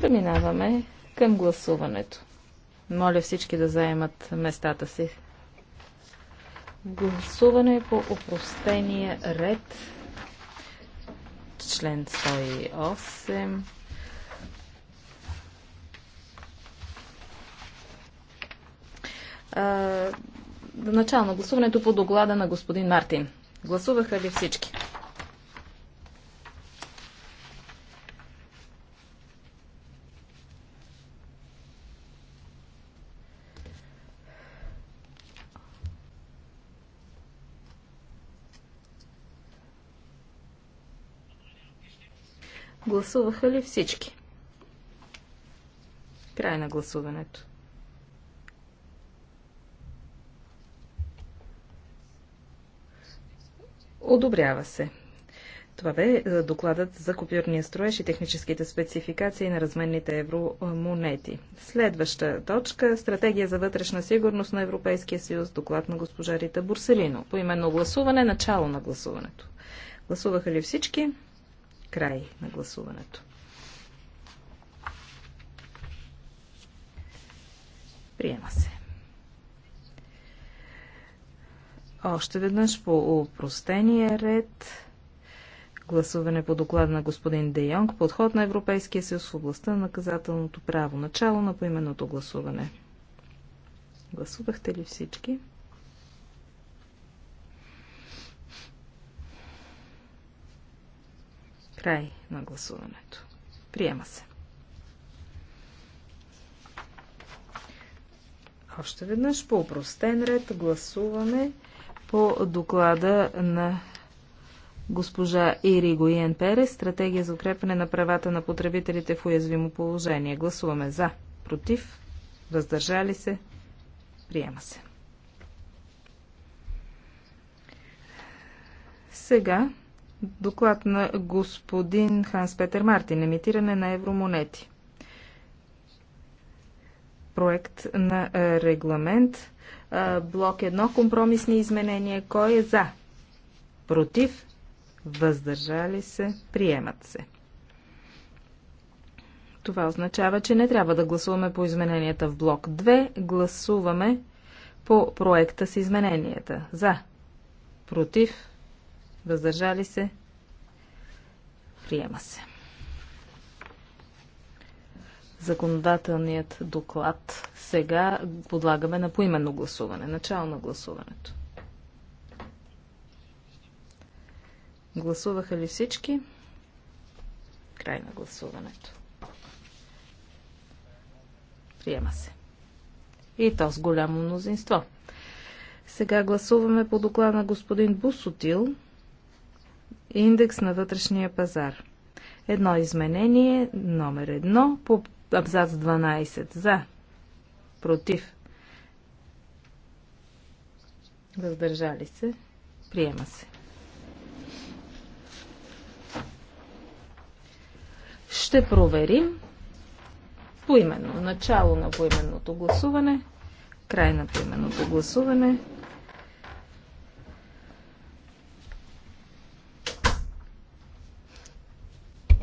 Преминаваме към гласуването. Моля всички да заемат местата си. Гласуване по опростения ред. Член 108. начало на гласуването по доклада на господин Мартин. Гласуваха ли всички? Гласуваха ли всички? Край на гласуването. Одобрява се. Това бе е, докладът за купюрния строеж и техническите спецификации на разменните евромонети. Следваща точка – стратегия за вътрешна сигурност на Европейския съюз, доклад на госпожа Рита Бурселино. По именно гласуване, начало на гласуването. Гласуваха ли всички? Край на гласуването. Приема се. Още веднъж по упростения ред. Гласуване по доклада на господин Де Йонг. Подход на Европейския съюз в областта на наказателното право. Начало на поименното гласуване. Гласувахте ли всички? Край на гласуването. Приема се. Още веднъж по упростен ред гласуваме по доклада на госпожа Ири Гоиен Перес Стратегия за укрепване на правата на потребителите в уязвимо положение. Гласуваме за, против, въздържали се, приема се. Сега Доклад на господин Ханс Петер Мартин. Емитиране на евромонети. Проект на регламент. Блок 1. Компромисни изменения. Кой е за? Против? Въздържали се? Приемат се. Това означава, че не трябва да гласуваме по измененията в блок 2. Гласуваме по проекта с измененията. За. Против? Въздържали се? Приема се. Законодателният доклад сега подлагаме на поименно гласуване. Начало на гласуването. Гласуваха ли всички? Край на гласуването. Приема се. И то с голямо мнозинство. Сега гласуваме по доклада на господин Бусотил индекс на вътрешния пазар. Едно изменение, номер едно, по абзац 12 за, против, въздържали се, приема се. Ще проверим поименно, начало на поименното гласуване, край на поименното гласуване –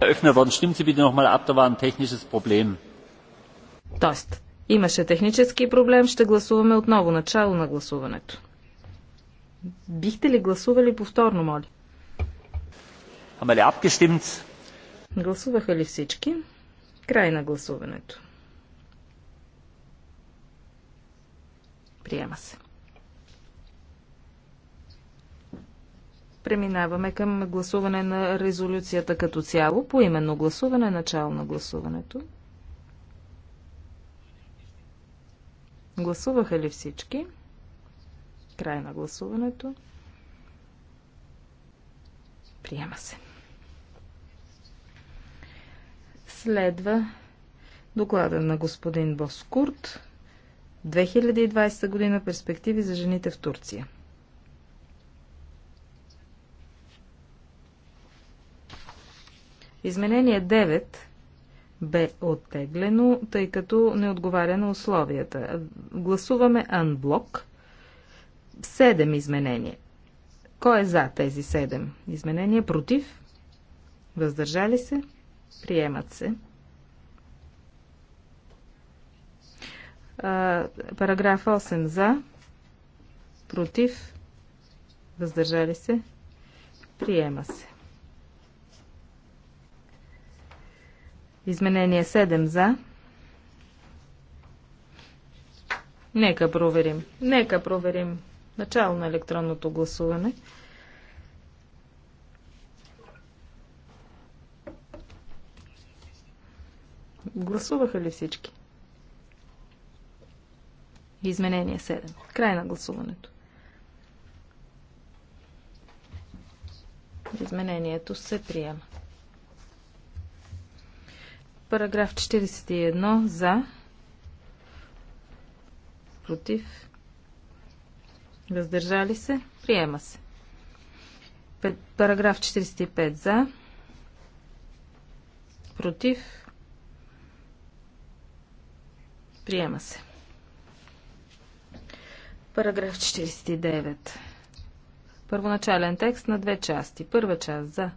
eröffnet имаше технически проблем, ще гласуваме отново начало на гласуването. Бихте ли гласували повторно, моля? Гласуваха ли всички? Край на гласуването. Приема се. Преминаваме към гласуване на резолюцията като цяло. По именно гласуване, начало на гласуването. Гласуваха ли всички? Край на гласуването. Приема се. Следва доклада на господин Боскурт. 2020 година перспективи за жените в Турция. Изменение 9 бе оттеглено, тъй като не отговаря на условията. Гласуваме анблок. 7 изменения. Кой е за тези 7 изменения? Против? Въздържали се? Приемат се. параграф 8 за. Против? Въздържали се? Приема се. Изменение 7 за. Нека проверим. Нека проверим начало на електронното гласуване. Гласуваха ли всички? Изменение 7. Край на гласуването. Изменението се приема. Параграф 41 за. Против. Въздържали се. Приема се. Параграф 45 за. Против. Приема се. Параграф 49. Първоначален текст на две части. Първа част за.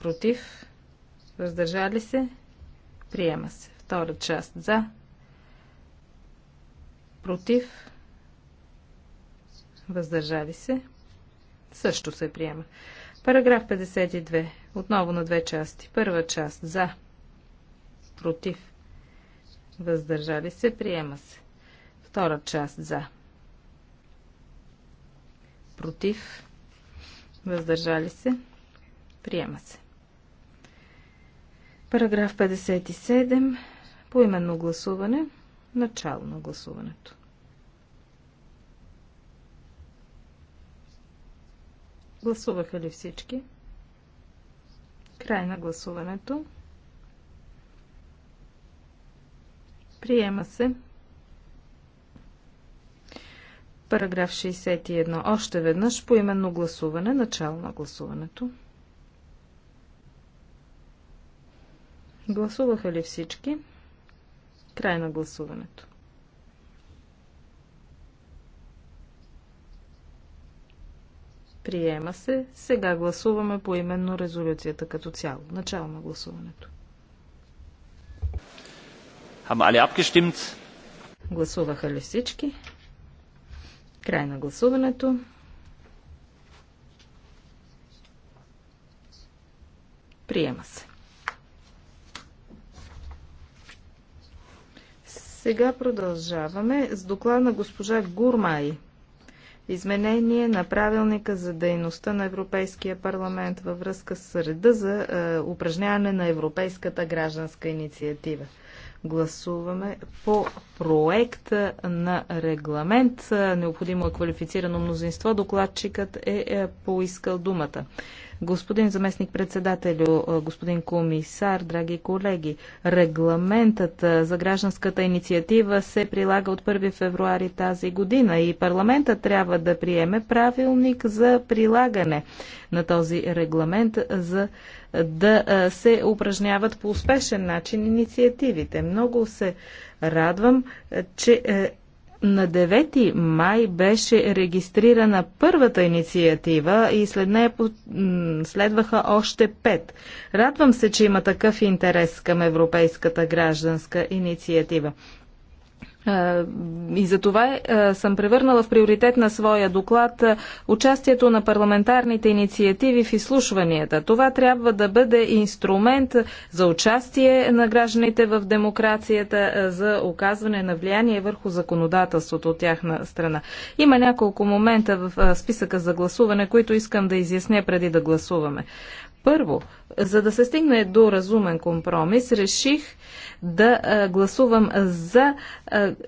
Против. Въздържали се? Приема се. Втора част за. Против? Въздържали се? Също се приема. Параграф 52. Отново на две части. Първа част за. Против? Въздържали се? Приема се. Втора част за. Против? Въздържали се? Приема се. Параграф 57. Поименно гласуване. Начало на гласуването. Гласуваха ли всички? Край на гласуването. Приема се. Параграф 61. Още веднъж поименно гласуване. Начало на гласуването. Гласуваха ли всички? Край на гласуването. Приема се. Сега гласуваме по именно резолюцията като цяло. Начало на гласуването. Гласуваха ли всички? Край на гласуването. Приема се. Сега продължаваме с доклад на госпожа Гурмай. Изменение на правилника за дейността на Европейския парламент във връзка с реда за е, упражняване на Европейската гражданска инициатива. Гласуваме по проекта на регламент. Е, необходимо е квалифицирано мнозинство. Докладчикът е, е поискал думата. Господин заместник председателю, господин комисар, драги колеги, регламентът за гражданската инициатива се прилага от 1 февруари тази година и парламентът трябва да приеме правилник за прилагане на този регламент за да се упражняват по успешен начин инициативите. Много се радвам, че на 9 май беше регистрирана първата инициатива и след нея следваха още пет. Радвам се, че има такъв интерес към Европейската гражданска инициатива. И за това съм превърнала в приоритет на своя доклад участието на парламентарните инициативи в изслушванията. Това трябва да бъде инструмент за участие на гражданите в демокрацията, за оказване на влияние върху законодателството от тяхна страна. Има няколко момента в списъка за гласуване, които искам да изясня преди да гласуваме. Първо, за да се стигне до разумен компромис, реших да гласувам за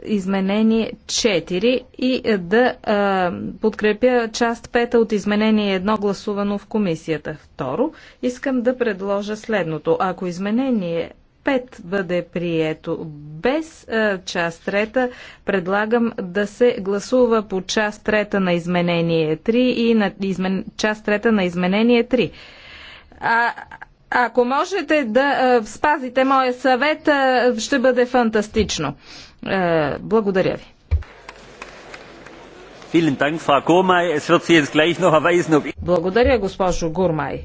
изменение 4 и да подкрепя част 5 от изменение 1, гласувано в комисията. Второ, искам да предложа следното. Ако изменение 5 бъде прието без част 3, предлагам да се гласува по част 3 на изменение 3 и на измен... част 3 на изменение 3. А, ако можете да спазите моя съвет, ще бъде фантастично. благодаря ви. Благодаря, госпожо Гурмай.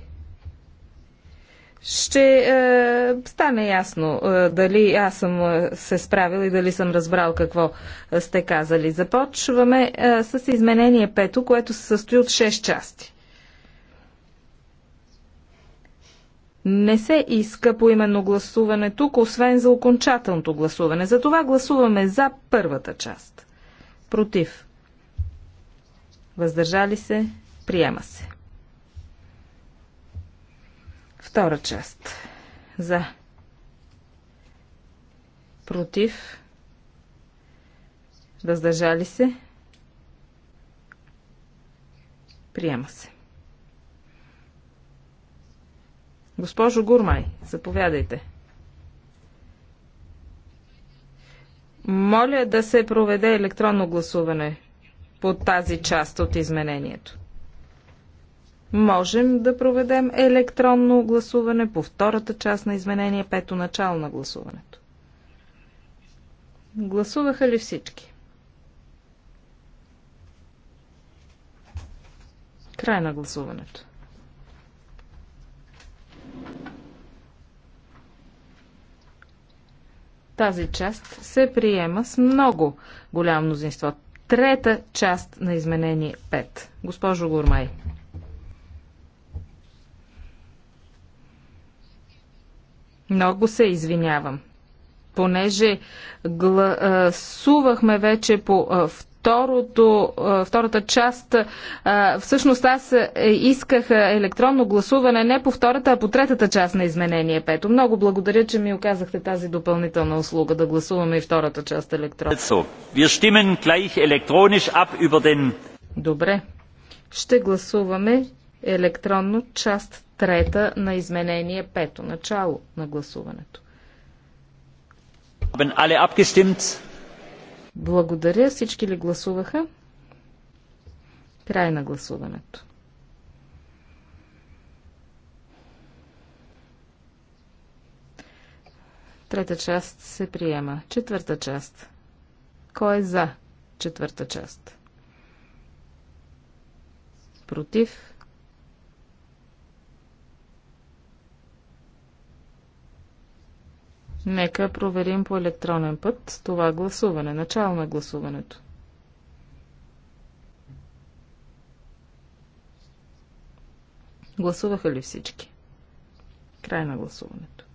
Ще е, стане ясно е, дали аз съм се справил и дали съм разбрал какво сте казали. Започваме с изменение пето, което се състои от 6 части. не се иска по именно гласуване тук, освен за окончателното гласуване. Затова гласуваме за първата част. Против. Въздържали се. Приема се. Втора част. За. Против. Въздържали се. Приема се. Госпожо Гурмай, заповядайте. Моля да се проведе електронно гласуване по тази част от изменението. Можем да проведем електронно гласуване по втората част на изменение пето начало на гласуването. Гласуваха ли всички? Край на гласуването. Тази част се приема с много голямо мнозинство. Трета част на изменение 5. Госпожо Гурмай. Много се извинявам. Понеже гласувахме вече по второто, втората част. Всъщност аз е, исках електронно гласуване не по втората, а по третата част на изменение пето. Много благодаря, че ми оказахте тази допълнителна услуга да гласуваме и втората част електронно. Добре. Ще гласуваме електронно част трета на изменение пето. Начало на гласуването. Haben alle abgestimmt? Благодаря. Всички ли гласуваха? Край на гласуването. Трета част се приема. Четвърта част. Кой е за четвърта част? Против? Нека проверим по електронен път това гласуване, начало на гласуването. Гласуваха ли всички? Край на гласуването.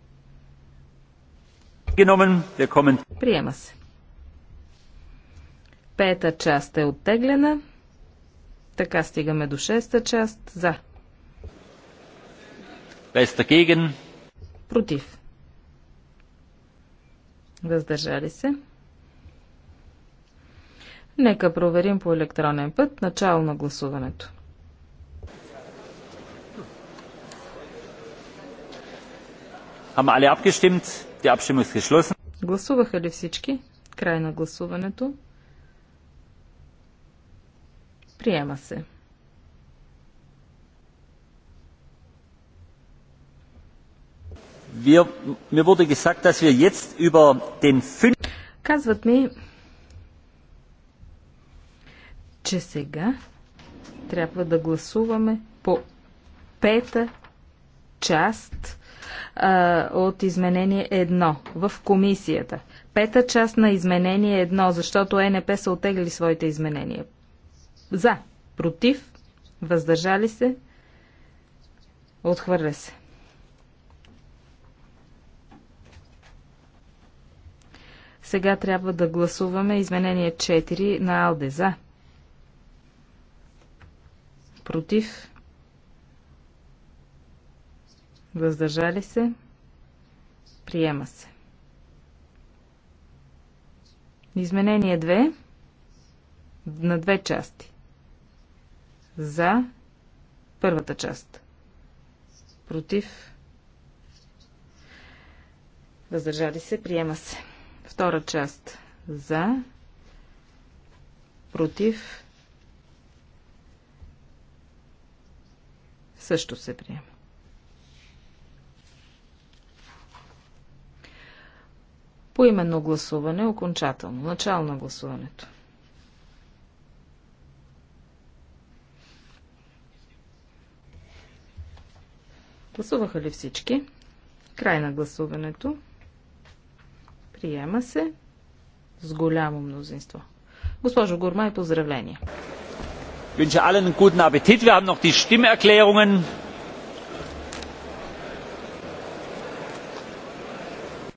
Приема се. Пета част е оттеглена. Така стигаме до шеста част. За. Против. Въздържали се. Нека проверим по електронен път начало на гласуването. Haben alle abgestimmt? Die Abstimmung ist geschlossen. Гласуваха ли всички? Край на гласуването. Приема се. mir wurde gesagt, dass wir jetzt über den Казват ми, че сега трябва да гласуваме по пета част а, от изменение 1 в комисията. Пета част на изменение 1, защото ЕНП са отегли своите изменения. За, против, въздържали се, отхвърля се. Сега трябва да гласуваме изменение 4 на Алде за. Против. Въздържали се. Приема се. Изменение 2 на две части. За първата част. Против. Въздържали се. Приема се. Втора част за, против, също се приема. Поименно гласуване, окончателно, начало на гласуването. Гласуваха ли всички? Край на гласуването. Приема се с голямо мнозинство. Госпожо Гурмай, поздравления! wünsche allen einen guten appetit. wir haben noch die stimmerklärungen.